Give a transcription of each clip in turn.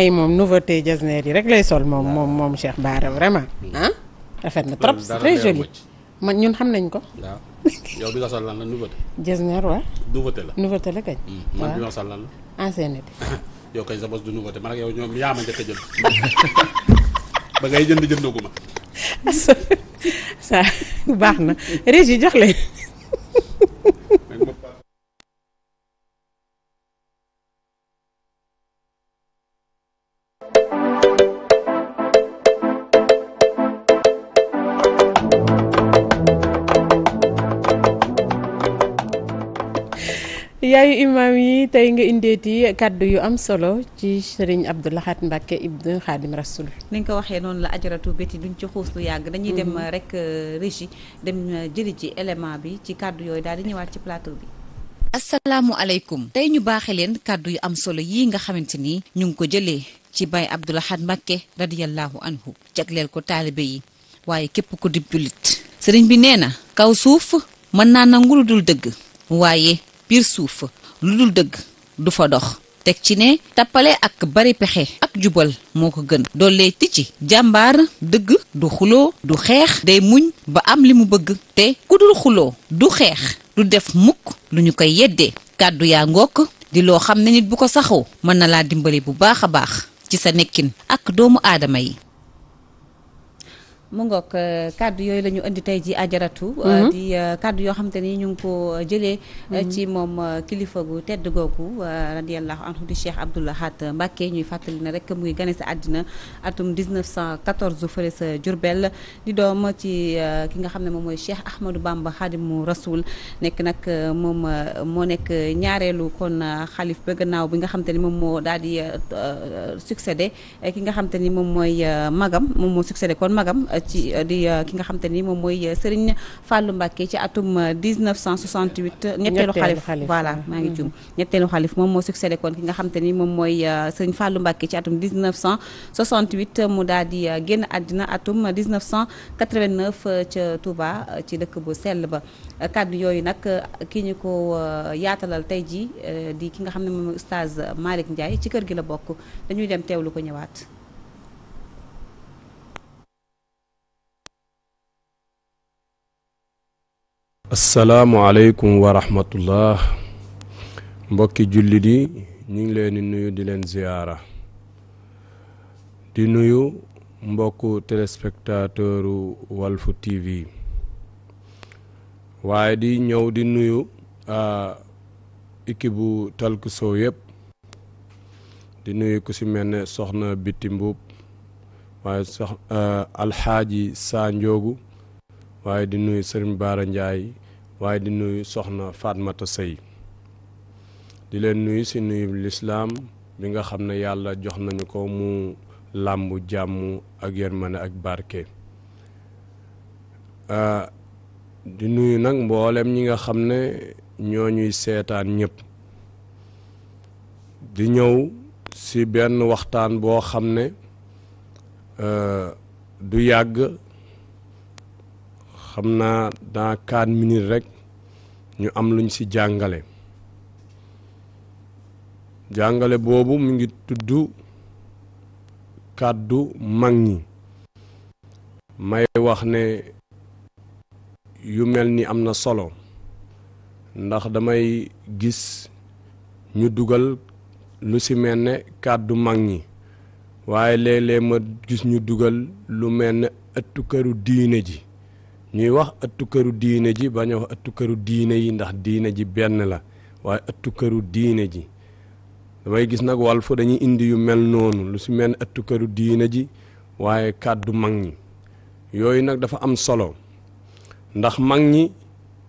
soxna yi moom nouveauté jasneer yi rek lay sol moom moom moom Cheikh Bara vraiment hmm. ah rafet na trop très joli man ñun xam nañ ko yow bi nga sol la nouveauté jasneer waaw nouveauté la la kañ man bi nga sol lan la hmm. ancienneté yow kañ sa bos du nouveauté man ak yow ñoom yaa ma njëkk a jënd ba ngay jënd jëndaguma sa baax na régi jox leen yaayu imaam yi tey nga indeeti kàddu yu am solo ci sëriñ Abdou Lahad Mbacké ibnu Xaadim Rasul ni ko waxee noonu la ajaratu beti duñ ci xuus lu yàgg dañuy dem mhm. rek euh, régi dem euh, jëli ci élément bi ci kàddu yooyu daal di ñëwaat ci plateau bi asalaamualeykum tey ñu baaxe leen kàddu yu am solo yii nga xamante ni ñu ngi ko jëlee ci Baay Abdou Lahad Mbacké radiyallahu anhu jagleel ko taalibe yi waaye képp ko dib jullit sëriñ bi nee na kaw suuf mën naa nangu dul dëgg biir suuf lu dul dëgg du fa dox teg ci ne tappale ak bari pexe ak jubal moo ko gën dolleet ci jàmbaar dëgg du xuloo du xeex day muñ ba am li mu bëgg te ku dul xuloo du xeex du def mukk lu ñu koy yeddee kàddu yaa ngokk di loo xam ne nit bu ko saxoo mën na laa dimbali bu baax a baax ci sa nekkin ak doomu aadama yi mu ngoog euh, kàddu yooyu la indi tey ji ajaratu euh, mhm. di euh, kàddu yoo xam te ni ñu ngi ko jëlee mhm. ci moom kilifa gu tedd googu radiallahu anhu di Cheikh Abdoul Ahad Mbacké ñuy fàttali na rek mu ngi gane sa àddina atum 1914 fële sa Jurbel di doom ci ki nga xam ne moom mooy Cheikh Ahmadou Bamba Khadimu Rasoul nekk nag moom moo nekk ñaareelu kon xalif ba gannaaw bi nga xam ni moom moo daal di succédé ki nga xam te ni moom mooy magam moom moo succédé kon magam ci euh, di euh, ki nga xam ni moom mooy euh, Serigne Fallou Mbacké ci atum 1968 ñetteelu xalif voilà maa ngi jum ñetteelu xalif moom moo succédé kon ki nga xam te ni moom mooy Serigne fàllu Mbacké ci atum 1968 mu daal di génn àddina atum 1989 ca Touba ci dëkk bu sell ba kàddu yooyu nag ki ñu ko yaatalal tey ji di ki nga xam ne moom mooy oustaz Malick Ndiaye ci kër gi la bokk dañuy dem teewlu ko ñëwaat asalaamualeykum wa rahmatullah mbokki jullit yi ñu ngi leen di nuyu di leen ziyaara di nuyu mbokku téléspectateuru Walfu TV waaye di ñëw di nuyu équipe bu Talku Show di nuyu ku ci mel ne soxna Biti Mbuub waaye sox alxaaji Saa Njoogu waaye di nuyu sëriñ Baara Ndiaye waaye di nuyu soxna Fatmata Sëy di leen nuyu si nuyu lislaam bi nga xam ne yàlla jox nañu ko mu làmb jàmm ak yërmande ak barke ah, di nuyu nag mbooleem ñi nga xam ne ñoo ñuy seetaan ñépp di ñëw si benn waxtaan boo xam ne ah, du yàgg xam naa dans quatre minutes rekk ñu am luñ ci jàngale jàngale boobu mu ngi tudd kàddu mag ñi may wax ne yu mel ni am na solo ndax damay gis ñu dugal lu ci mel ni kàddu mag ñi waaye léeg-léeg ma gis ñu dugal lu mel ne ëttu këru diine ji ñuy wax ëttu këru diine ji bañ a wax ëttu këru diine yi ndax diine ji benn la waaye ëttu këru diine ji damay gis nag wàll fu dañuy indi yu mel noonu lu si mel ëttu këru diine ji waaye kàddu mag ñi yooyu nag dafa am solo ndax mag ñi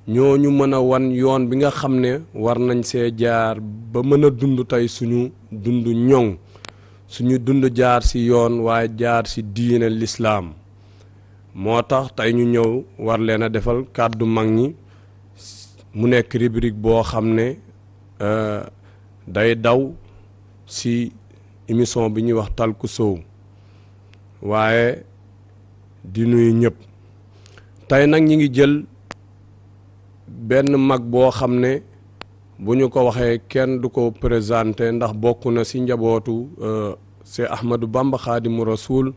ñooñu mën a wan yoon bi nga xam ne war nañ see jaar ba mën a dund tey suñu dund ñoŋ suñu dund jaar si yoon waaye jaar si diine lislaam moo tax tey ñu ñëw war leen a defal kàddu mag ñi mu nekk rubrique boo xam ne euh, day daw si émission bi ñuy wax Talku soow waaye di nuyu ñëpp tey nag ñi ngi jël benn mag boo xam ne bu ñu ko waxee kenn du ko présenté ndax bokk na si njabootu euh, Cheikh Ahmadou Bamba Khadimu Rasoul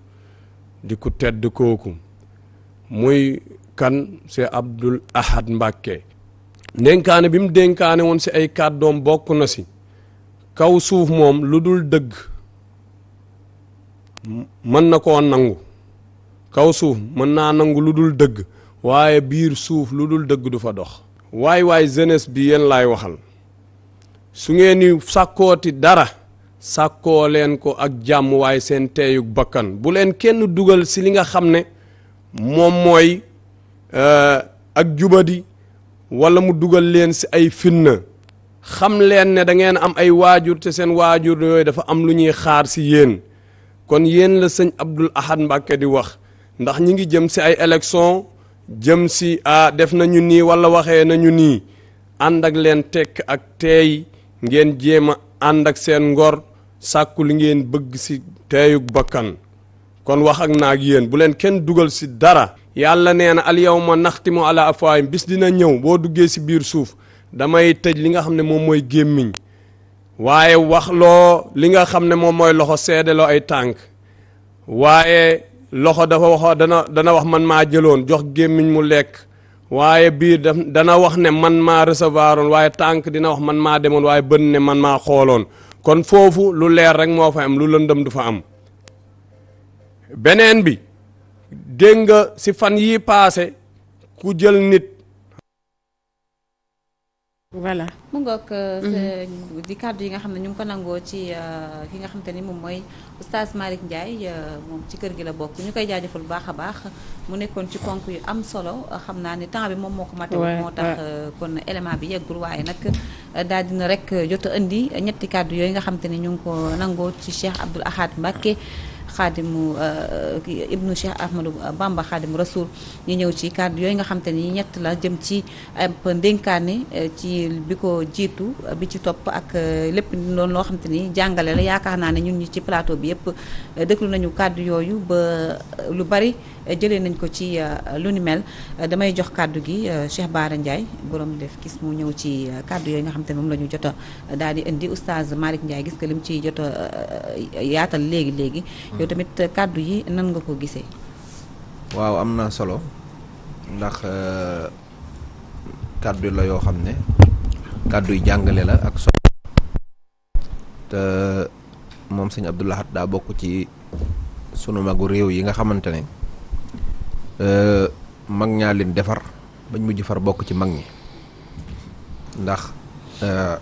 di ku tedd kooku muy kan Cheikh Abdoul Ahad Mbacke dénkaane bi mu dénkaane woon si ay kàddoom bokk na si kaw suuf moom lu dul dëgg mën na koo nangu kaw suuf mën naa nangu lu dul dëgg waaye biir suuf lu dul dëgg du fa dox waaye waaye jeunesse bi yéen laay waxal su ngeen ni sàkkooti dara sàkkoo leen ko ak jàmm waaye seen teeyug bakkan bu leen kenn dugal si li nga xam ne moom mooy euh, ak jubadi wala mu dugal leen si ay finna xam leen ne da ngeen am ay waajur te seen waajur yooyu dafa am lu ñuy xaar si yéen kon yéen la sëñ Abdul Ahad Mbàkke di wax ndax ñi ngi jëm si ay élection jëm si a def nañu nii wala waxee nañu nii ànd ak leen tekk ak teey ngeen jéem a ànd ak seen ngor sàkku li ngeen bëgg si teeyug bakkan kon wax ak naag yéen bu leen kenn dugal si dara yàlla nee na al yawma naxtimu ala afwaahim bis dina ñëw boo duggee si biir suuf damay tëj li nga xam ne moom mooy gémmiñ waaye wax loo li nga xam ne moom mooy loxo seedeloo ay tànk waaye loxo dafa wax dana dana wax man maa jëloon jox gémmiñ mu lekk waaye biir dana wax ne man maa recevoir oon waaye tànk dina wax man maa demoon waaye bën ne man maa xooloon kon foofu lu leer rek moo fa am lu lëndam du am beneen bi dégg nga si fan yi paase ku jël nit voilà mu ngoog euh, mhm. di kàddu yi nga xam ne ñu ngi ko nangoo ci euh, ki nga xam te ni moom mooy oustaz Malick Ndiaye euh, moom ci kër gi la bokk ñu koy jaajëfal bu baax a baax mu nekkoon ci ponk yu am solo xam naa ni temps bi moom moo ko mate moo tax kon élément bi yeggul waaye nag daal dina rek jot indi ñetti kàddu yooyu nga xam te ni ñu ngi ko nangoo ci Cheikh Abdoul Ahad Mbacké xaadimu euh, ibnu Cheikh Ahmadou Bamba xaadimu rasul ñu ñëw ci kàddu yooyu nga xam te ni ñett la jëm ci ab ndénkaane euh, ci bi ko jiitu bi ci topp ak euh, lépp loolu loo xam ni jàngale la yaakaar naa ne ñu ñi ci plateau bi yëpp déglu nañu kàddu yooyu ba lu bari jëlee nañ ko ci euh, lu ni mel damay jox kàddu gi euh, Cheikh Bara Ndiaye borom def gis mu ñëw ci euh, kàddu yooyu nga xam te ne moom la jot a daal di indi oustaz Malick Ndiaye gis nga lim ci jot yaatal léegi léegi. Hmm. yow tamit kàddu yi nan nga ko gisee. waaw am na solo ndax kàddu la yoo xam ne kàddu yu jàngale la ak solo te moom sëñ Abdou Lahad daa bokk ci sunu magu réew yi nga xamante ne. Euh, mag ñaa leen defar bañ mujj far bokk ci mag ñi ndax euh,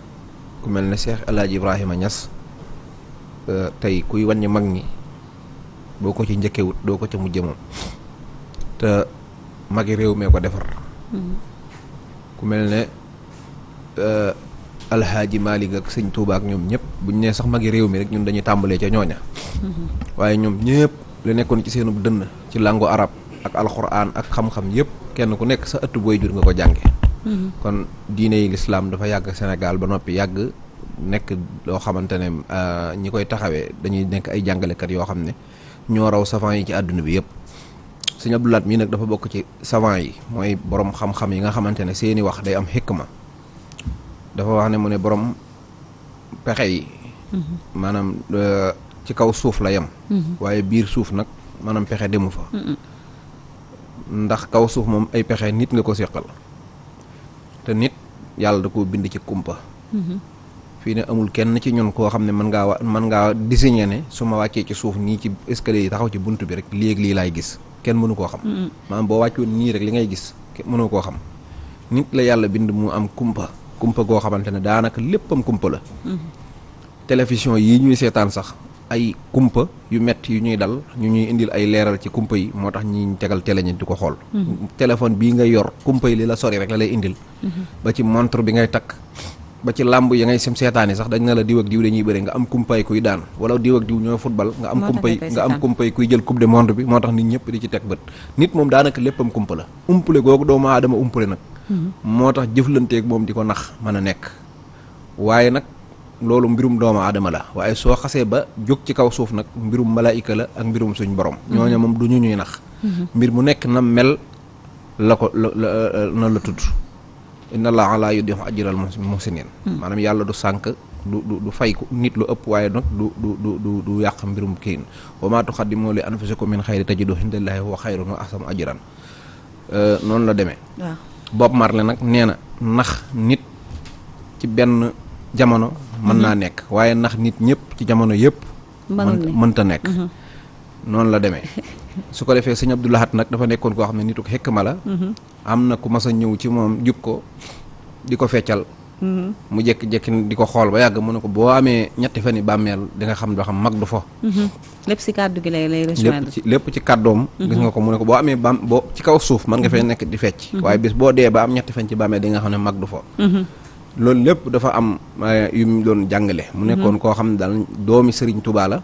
ku mel ni Cheikh El Hadj Ibrahima Niass euh, tey kuy wàññi mag ñi boo ko ci njëkkewut doo ko ca mujj moom te magi réew mee ko defar mm-hmm. ku mel ne alxaaji Maalik ak sëñ tuubaak ak ñoom ñëpp buñ nee sax magi réew mi rek ñun dañuy tàmbalee ca ñooña mm-hmm. waaye ñoom ñëpp li nekkoon ci seenub dënn ci làngu arab ak alxuraan ak xam-xam yëpp kenn ku nekk sa ëtt booy jur nga ko jànge mm-hmm. kon diine yi lislaam dafa yàgg Sénégal ba noppi yàgg nekk loo xamante ne euh, ñi koy taxawee dañuy nekk ay jàngalekat yoo xam ne ñoo raw savant yi ci àdduna bi yëpp sëñ Abdou mii nag dafa bokk ci savant yi mooy borom xam-xam yi nga xamante ne seeni wax day am xikma dafa wax ne mu ne borom pexe yi mm-hmm. maanaam euh, ci kaw suuf la yem mm-hmm. waaye biir suuf nag maanaam pexe demu fa ndax kaw suuf moom ay pexe nit nga ko seqal te nit yàlla da koo bind ci kumpa mhm. fii ne amul kenn ci ñun koo xam ne mën ngaa wa mën ngaa désigner ne su ma wàccee ci suuf nii ci escalier yi taxaw ci bunt bi rek lii lii laay gis kenn mënu koo xam mhm. maanaam boo wàccoon nii rek li ngay gis mënoo koo xam nit la yàlla bind mu am kumpa kumpa goo xamante ne daanaka léppam kumpa la mhm. télévision yi ñuy seetaan sax ay kumpa yu metti yu ñuy dal ñu ñuy indil ay leeral ci kumpa yi moo tax ñi tegal télé ñi di ko xool mm-hmm. téléphone bii ngay yor kumpa yi li la sori rek la lay indil mm-hmm. ba ci montre bi ngay takk ba ci làmb yi ngay sem seetaani sax dañ na la diw ak diw dañuy bëre nga am kumpay kuy daan wala diw ak diw ñooy football nga am kumpay nga kuy jël coupe du monde bi moo tax nit ñëpp di ci teg bët nit moom daanaka léppam kumpa la umpale googu doomu aadama umpale mm-hmm. moo tax jëflanteeg moom di ko nax mën a nekk waaye nag loolu mbirum doomu aadama la waaye soo xasee ba jóg ci kaw suuf nag mbirum malaayika la ak mbirum suñ borom mhm. ñooñu moom du ñu ñuy nax mhm. mbir mu nekk na mel la ko la na la tudd inna allaha laa yudii'u ajral muhsinin mhm. du sànk fay ko nit lu ëpp waaye nag du du du du du yàq mbirum kiin wa maa tuqaddimu li anfusikum min xayri tajidu indallahi huwa xayrun wa ahsanu ajran noonu la demee Bob Marley nag nee na nax nit ci benn jamono mën mhm. naa nekk waaye nax nit ñëpp ci jamono yëpp. mënta nekk. Mhm. noonu la demee su ko defee sëñ du Lahat nag dafa nekkoon koo xam ne nit ko xekk ma la. Mhm. am na ku mas a ñëw ci moom jub ko di ko feccal. mu jékki-jékki di ko xool ba yàgg mu ne ko boo amee ñetti fan yi bàmmeel di nga xam doo xam mag du fo. lépp ci kàddu lépp ci kàddoom. gis nga ko mu ne ko boo amee bam boo ci kaw suuf man nga fay nekk di fecc. waaye bis boo dee ba am ñetti fan ci bàmmeel di nga xam ne mag du fo. loolu lépp dafa am euh, yu mu doon jàngale mu nekkoon mhm. koo xam ne daal doomi sëriñ Touba la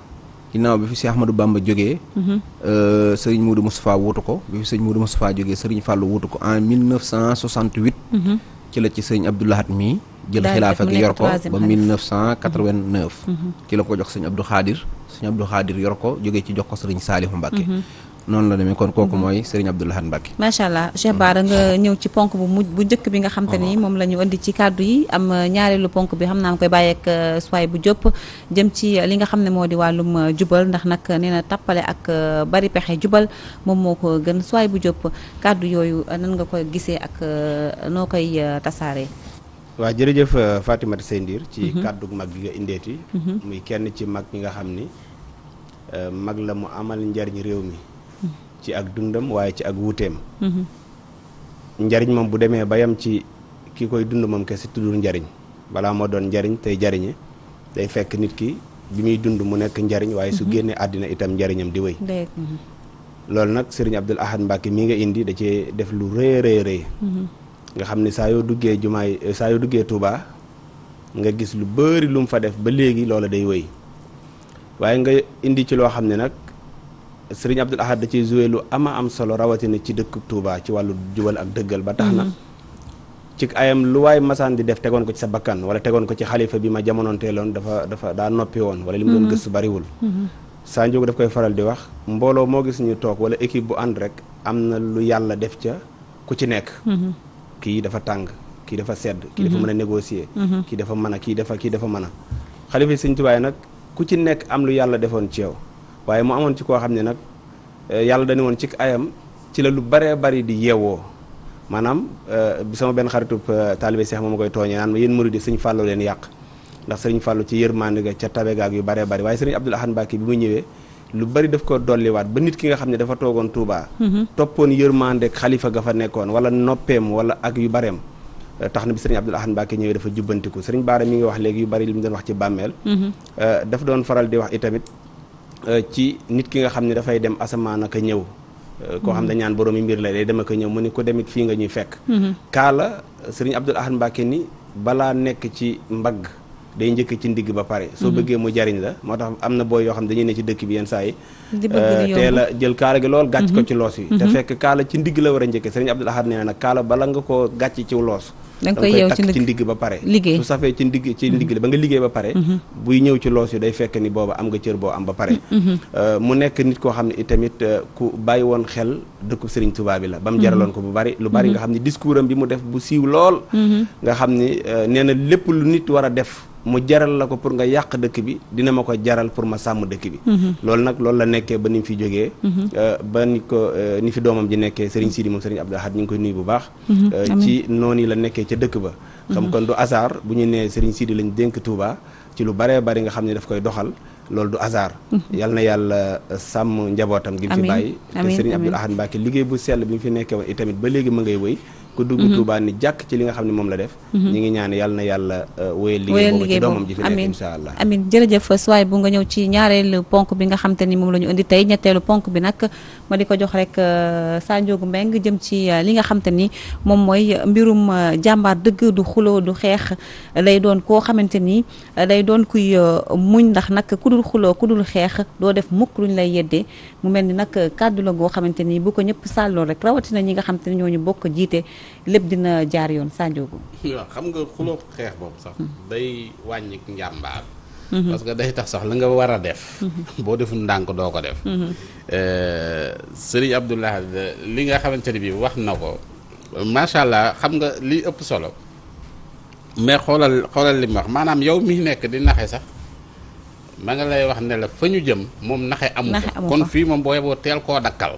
ginnaaw bi fi Cheikh Ahmadou Bamba jógee mhm. euh, Serigne Moudou Moustapha wuutu ko bi fi Serigne Moudou Moustapha jógee sëriñ Fallou wuutu ko en 1968 mhm. ci la ci Serigne Abdoulahat mii jël xilaafa gi yor ko ba 1989 ci la ko jox Serigne Abdou xaadir suñ Abdou xaadir yor ko jógee ci jox ko Serigne Saliou Mbacké noonu la demee kon kooku mhm. mooy Serigne Abdou Lahad Mbacké macha allah Cheikh Bara nga ñëw ci ponk bu mujj bu njëkk bi nga xam ne ni oh. moom la ñu indi ci kàddu yi am ñaareelu ponk bi xam naa ma koy bàyyeek euh, suwaay bu jóp jëm ci li nga xam ne moo di wàllum euh, jubal ndax nag nee na tappale ak euh, bari pexe jubal moom moo ko gën suwaay bu jóp kàddu yooyu nan nga koy gisee ak noo koy tasaare waa jërëjëf Fatimata Sey Ndir ci mhm. kàddu mag gi nga indeeti mhm. muy kenn ci mag ñi nga xam ni mag la mu njariñ réew mi ci ak dundam waaye ci ak wuuteem mhm. njariñ moom bu demee ba yam ci ki koy dund moom kese tuddul njariñ balaa moo doon njariñ tey jariñe day fekk nit ki bi muy dund mu nekk njariñ waaye su mhm. génnee àddina itam njariñam di wéy mhm. loolu nag sëriñ Abdul Ahad Mbacke mi nga indi da def lu rëy rëy nga xam ne saa yoo duggee jumaay saa yoo duggee Touba nga gis lu bëri lu mu fa def ba léegi loola day wéy waaye nga indi ci loo xam ne nag sëriñ Abdul Ahad da ciy joué lu ama am solo rawatina ci dëkk Touba ci wàllu jubal ak dëggal ba tax na mhm. ci ayam lu waaye masaan di def tegoon ko ci sa bakkan wala tegoon ko ci xalifa bi ma jamonoonteeloon dafa dafa daa noppi woon wala li mu doon mhm. gëstu bariwul mhm. saa njóogu daf koy faral di wax mbooloo moo gis ñu toog wala équipe bu ànd rek am na lu yàlla def ca ku ci nekk kii dafa tàng kii dafa sedd kii dafa mën a négocier kii dafa mën a kii dafa kii dafa mën a xalifa yi sëñ nag ku ci nekk am lu yàlla defoon ci yow waaye mu amoon ci koo xam ne nag eh, yàlla dañu woon ci ayam ci la lu baree bari di yeewoo maanaam eh, bi sama benn xaritu eh, taalibe seex moom ma koy tooñee naan ma yéen murid yi sëñ Fallou leen yàq ndax sëriñ Fallou ci yërmande ga ca tabe gaag yu baree bari waaye sëriñ Abdoul Ahad Mbacké bi mu ñëwee lu bari daf ko dolliwaat ba nit ki nga xam ne dafa toogoon tuubaa mm-hmm. toppoon yërmande xalifa ga fa nekkoon wala noppeem wala ak yu bareem tax na bi sëriñ Abdoul Ahad Mbacké ñëwee dafa jubbantiku sëriñ Baara mi ngi wax léegi yu bari li mu wax ci bàmmeel. Mm-hmm. dafa doon faral di wax itamit Euh, ci nit ki nga xam ne dafay dem asamaan ak a ñëw euh, koo xam ne ñaan borom yi mbir la day dem ak a ñëw mu ne ko demit fii nga ñuy fekk mm-hmm. kaala sëriñ Abdul Ahad Mbàkke ni balaa nekk ci mbagg day njëkk ci ndigg ba pare soo mhm. bëggee mu jariñ la moo tax am na booy yoo xam dañuy ne ci dëkk bi yenn saa yi euh, teel a jël kaala gi lool gàcc ko mhm. ci loos yi mhm. te fekk kaala ci ndigg la war a njëkke na nag kaala bala nga koo gàcc ci loos da nga koy yeew ci ndigg ba pare liggéey su safee ci ndigg ci ndigg ba nga liggéey ba pare buy ñëw ci loos yi day fekk ni booba am nga cër boo am ba pare euh, mu nekk nit koo xam ne itamit euh, ku bàyyi woon xel dëkkub Serigne Touba bi la ba mu jaraloon ko bu bari lu bari nga xam ne discours bi mu def bu siiw lool nga xam ne nee na lépp lu nit war a def mu jaral la ko pour nga yàq dëkk bi dina ma ko jaral pour ma sàmm dëkk bi. Mhm. loolu nag loolu la nekkee ba ni mu fi jógee. Mhm. Euh, ba ni ko euh, ni fi doomam ji nekkee Serigne Sidi moom Serigne Abdou Ahad ñu ngi koy nuyu bu baax. Mhm. Euh, ci noonu la nekkee ca dëkk ba. xam kon du bu ñu nee Serigne Sidi lañ dénk Touba ci lu baree bari nga xam ne daf koy doxal. loolu du hasard. yal na yàlla sàmm njabootam. gi mu fi bàyyi te Serigne Abdou Ahad liggéey bu sell bi mu fi nekkee woon itamit ba léegi ma ngay wëy. ku dugg mhm. Touba ni jàkk ci li nga xam ne moom la def mhm. ñi ngi ñaan yàlla na yàlla euh, wéyal liggéey boobu ci doomam ji fi nekk insha allah amin jërëjëf suwaay bu nga ñëw ci ñaareelu ponk bi nga xam ni moom la ñu indi tey ñetteelu ponk bi nag ma di ko jox rek euh, Sa Ndiogou jëm ci euh, li nga xam ni moom mooy mbirum jàmbaar dëgg du xuloo du xeex lay doon koo xamante ni day doon kuy muñ ndax nag ku dul xuloo ku dul xeex doo def mukk luñ lay yeddee mu mel ni nag kàddu la goo xamante ni bu ko ñëpp sàlloo rek rawatina ñi nga xam te ni ñooñu bokk jiite lépp dina jaar yoon sànjoogu waaw xam nga xuloo xeex boobu sax hmm. day wàññi njàmbaar hmm. parce que day tax sax la nga war a def hmm. boo deful ndànk doo ko def euh, Serigne Abdoulaye li nga xamante ne bii wax na ko macha allah xam nga li ëpp solo mais xoolal xoolal li mu wax maanaam yow mi nekk di naxe sax ma nga lay wax ne la fa ñu jëm moom naxe amu fa kon fii moom boo yeboo teel koo dakkal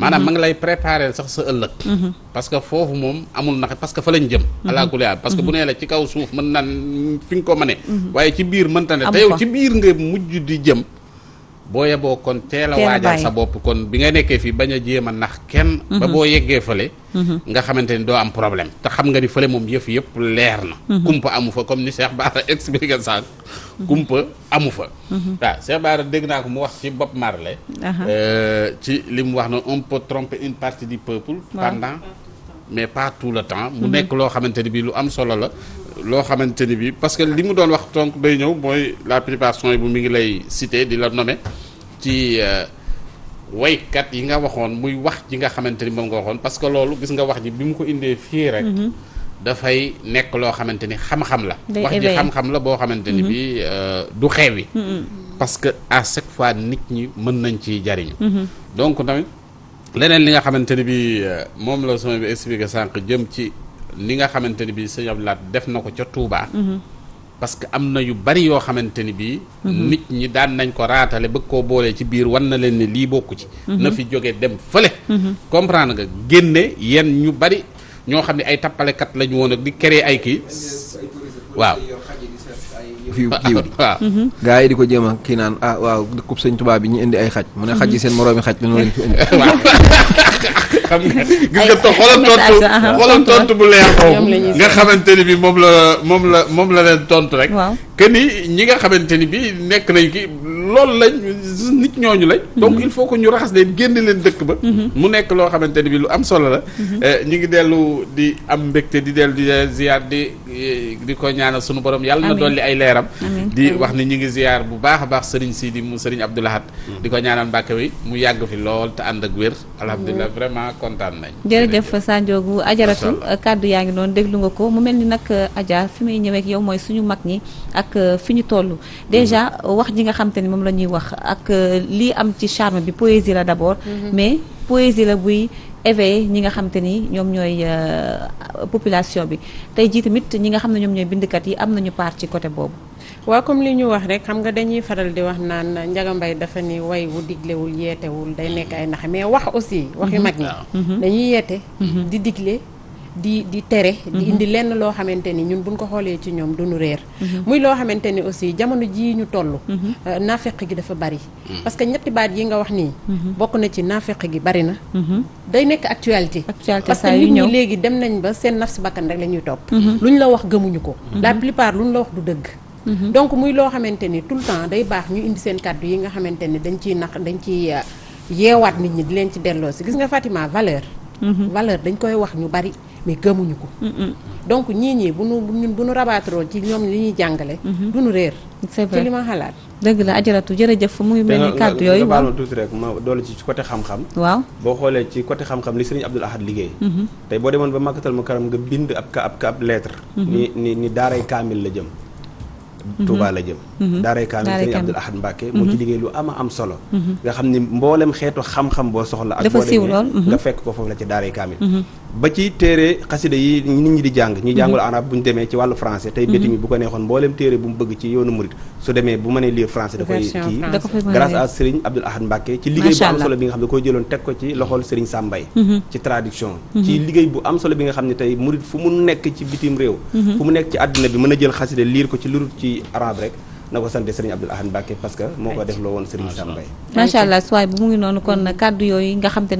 maanaam mhm. ma ngi lay préparer sax sa ëllëg mhm. parce foofu moom amul nax parce que fa lañ jëm mhm. alaakulea parce que bu nee la ci kaw suuf mën naan fi nga ko mënee waaye ci biir mënta ne te yow ci biir nga mujj di jëm boo yeboo kon teel a waajal sa bopp kon bi nga nekkee fii bañ a jéem a nax kenn mhm. ba boo yeggee fële mhm. nga xamante ni doo am problème te xam nga ni fële moom yëf yëpp leer na mhm. kumpa amu fa comme ni Cheikh Bara expliqué sànq kumpa amu fa waaw Cheikh Bara dégg naa ko mu wax ci Bob Marley euh, ci li mu wax na on peut tromper une partie du peuple pendant mais pas tout le temps. mu mhm. nekk loo xamante ni bii lu am solo la. loo xamante ni bii parce que li mu doon wax donc bay ñëw mooy la préparation yi bu mi ngi lay cité di la nommer ci. Euh, waykat yi nga waxoon muy wax ji nga xamante ni moom nga waxoon parce que loolu gis nga wax ji bi mu ko indee fii rek mhm. dafay nekk loo xamante ni xam-xam la wax ji xam-xam la boo xamante ni mhm. bi euh, du xeewi parce que à chaque fois nit ñi mën nañ ci jariñ donc tamit leneen li nga xamante ni bi euh, moom la sama bi expliqué jëm ci li nga xamante ni bi sëñ def na ko ca Touba. Mhm. parce que am na yu bari yoo xamante ni bii. Mhm. nit ñi daan nañ ko raatale bëgg koo boolee ci biir wan na leen ne lii bokku ci. Mhm. na fi jóge dem fële. comprendre nga génne yenn ñu bari ñoo xam ne ay tappalekat lañu woon ak di créer ay kii. waaw fi kiiwul gars yi di ko jéem a kii naan ah waaw dëkkub sëñ tubaab bi ñu indi ay xaj mu ne xaj yi mm-hmm. seen moroomi xaj dañoo leen fi indi xam nga gis nga to xoolal tontu xoolal uh-huh. tontu bu leer boobu bi moom la moom la moom la leen tontu rek que ni ñi nga xamante ni bi nekk nañ ki loolu lañ nit ñooñu lañ. donc mhm. il faut que ñu raxas leen génn leen dëkk ba. Mhm. mu nekk loo xamante ni bi lu am solo la. Mhm. Eh, ñu ngi dellu di am mbégte di dellu di ziar di di ko ñaanal sunu boroom yàlla na dolli ay leeram. di wax ni ñu ngi ziar bu baax a baax Serigne Sidi mu Serigne Abdou Lahad. Mm. di ko ñaanal Mbàkke wi mu yàgg fi lool te ànd ak wér. alhamdulilah vraiment kontaan nañ. jërëjëf Sandiogou ajaratu kàddu yaa ngi noonu déglu nga ko mu mel ni nag Adja fi muy ñëwee ak yow mooy suñu mag ñi ak fi ñu toll mm-hmm. moom la ñuy wax ak euh, lii am ci charme bi poésie la d'abord mm-hmm. mais poésie la buy éveillé ñi nga xam te ni ñoom ñooy euh, population bi tey jii tamit ñi nga xam ne ñoom ñooy bindkat yi am nañu part ci côté boobu waaw comme li ñu wax rek xam nga dañuy faral di wax naan Njaga Mbay dafa ni way wu diglewul yeetewul day nekk ay nax mais wax aussi wax yu mm-hmm. mag ñi mm-hmm. dañuy yeete di digle di di tere. di mhm. indi lenn loo xamante ni ñun buñ ko xoolee ci ñoom duñu réer. Mhm. muy loo xamante ni aussi jamono jii ñu toll. Mhm. Euh, naafeq gi dafa bari. parce que ñetti baat yi nga wax nii. bokk na ci naafeq gi bari na. day nekk actualité. actualité saa yu ñëw parce que nit ñi léegi dem nañ ba seen le temps day baax ñu indi seen kàddu yi nga xamante ni dañ ciy naq dañ ciy euh, yeewaat nit ñi di leen ci delloo si gis nga Fatima valeur. valeur dañ koy wax ñu bari. mais gëmuñu ko. Mm, mm. donc ñii ñii bu nu bu ñu bu ñu rabaatoroon ci ñoom li ñuy jàngale. Mm-hmm. du ñu réer. c'est vrai li ma xalaat. dëgg la ajaratu jërëjëf mu ngi mel ni kàddu yooyu. waaw nga tuuti rek ma doole ci boo xoolee ci côté xam-xam li sëriñ Abdul Ahad liggéey. Mm-hmm. tey boo demoon ba màkkatal ma karam nga bind ab ka ka ab lettre. Mm-hmm. ni ni ni daaray kaamil la jëm. Touba la jëm. daaray kaamil sëriñ Abdul Ahad Mbacke. moo ci liggéey lu ama am solo. nga xam ni mboolem xeetu xam-xam boo soxla. ak boo demee nga fekk la ci daaray ba ci téere xasida yi nit ñi di jàng ñi jàngul arab bu ñu demee ci wàllu français tey béti bu ko neexoon mbooleem téere bu mu bëgg ci yoonu murit su demee bu mënee lire français da koy kii grâce à Serigne Abdoul Ahad Mbacké ci liggéey bu am solo bi nga xam ne koy jëloon teg ko ci loxol Serigne Sambay mhm. ci traduction mhm. ci liggéey bu am solo bi nga xam ne tey murit fu mu nekk ci bitim réew mhm. fu mu nekk ci àddina bi mën a jël xasida lire ko ci lurut ci na ko sant Serigne Abdoul Ahad Mbacké parce que moo ko def loo woon Serigne Sam Mbaye allah suwaay bu mu ngi noonu kon kàddu yooyu nga xam ne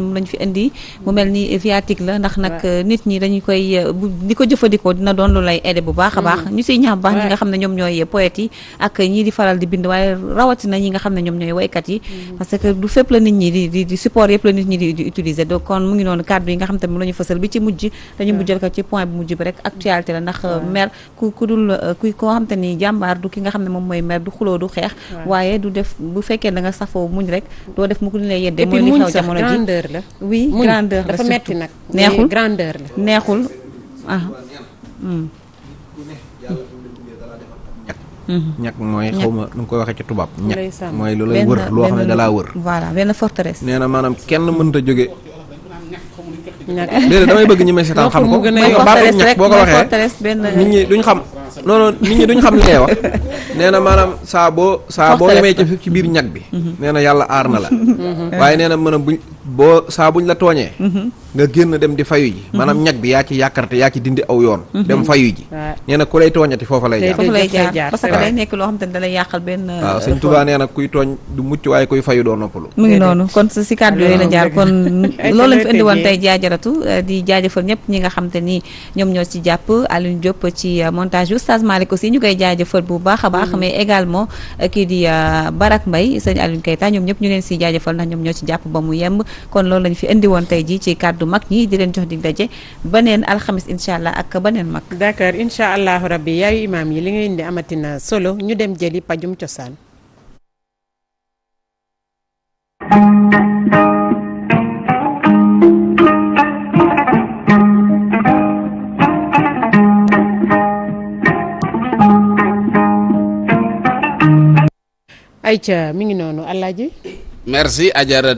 euh, a mm. ñoom ñooy poètes yi ak ñii di faral di bind waaye rawatina ñi nga xam ne ñoom ñooy waykat yi mm. parce que du fépp la nit ñi di support yëpp la nit ñi di utiliser donc kon mu ngi noonu kàddu yi nga xam ne moom la fësal bi ci mujj dañu mujjal ci point bu mujj bi rek mm. actualité la ndax mer ku ku dul euh, ku ko xam ne moom mooy mer du xuloo du xeex waaye du def bu fekkee da nga safoo muñ rek doo def mu ko ñu lay yeddee mooy li xew jamono ji grandeur la oui grandeur la dafa metti nag neexul grandeur la neexul ah hmm. Hmm. ñàkk mooy xaw ma nu nga koy waxee ci tubaab ñàkk mooy lu lay wër loo xam ne dalaa wër voilà benn forteresse nee na maanaam kenn mënta jóge léegi damay bëgg ñi may seetaan xam ko boo ko waxee nit ñi duñ xam non non nit ñi duñ xam li ngay wax nee na maanaam saa boo saa boo demee ci biir ñag bi mhm. nee na yàlla aar na la mhm. waaye nee na mën a buñ boo saa buñ la tooñee mhm. nga génn dem di fayu ji maanaam mhm. ñag bi yaa ci yàkkarte yaa ci dindi aw yoon mhm. dem fayu ji nee na ku lay tooñati foofa lay jaar foofa lay jaar parce que euh, jaar kon loolu lañ fi indi woon tey jaajaratu euh, di jaajëfal ñëpp ñi nga xam te ni ñoom ñoo ci jàpp Alioune Diop ci euh, montage Oustaz Malick aussi ñu koy jaajëfal bu baax a baax mm-hmm. mais également kii di Barak Mbaye sëñ Alioune Keita ñoom ñëpp ñoom ñoo ci jàpp ba mu yemb kon loolu lañu fi indi woon tey jii ci kàddu mag ñi di leen jox di daje baneen alxamis incha allah ak beneen mag. d'accord incha allahu rabbi yaayu imaam yi li ngay indi na solo ñu dem jëli pajum cosaan. ayca mi ngi noonu Alaaji merci Ajara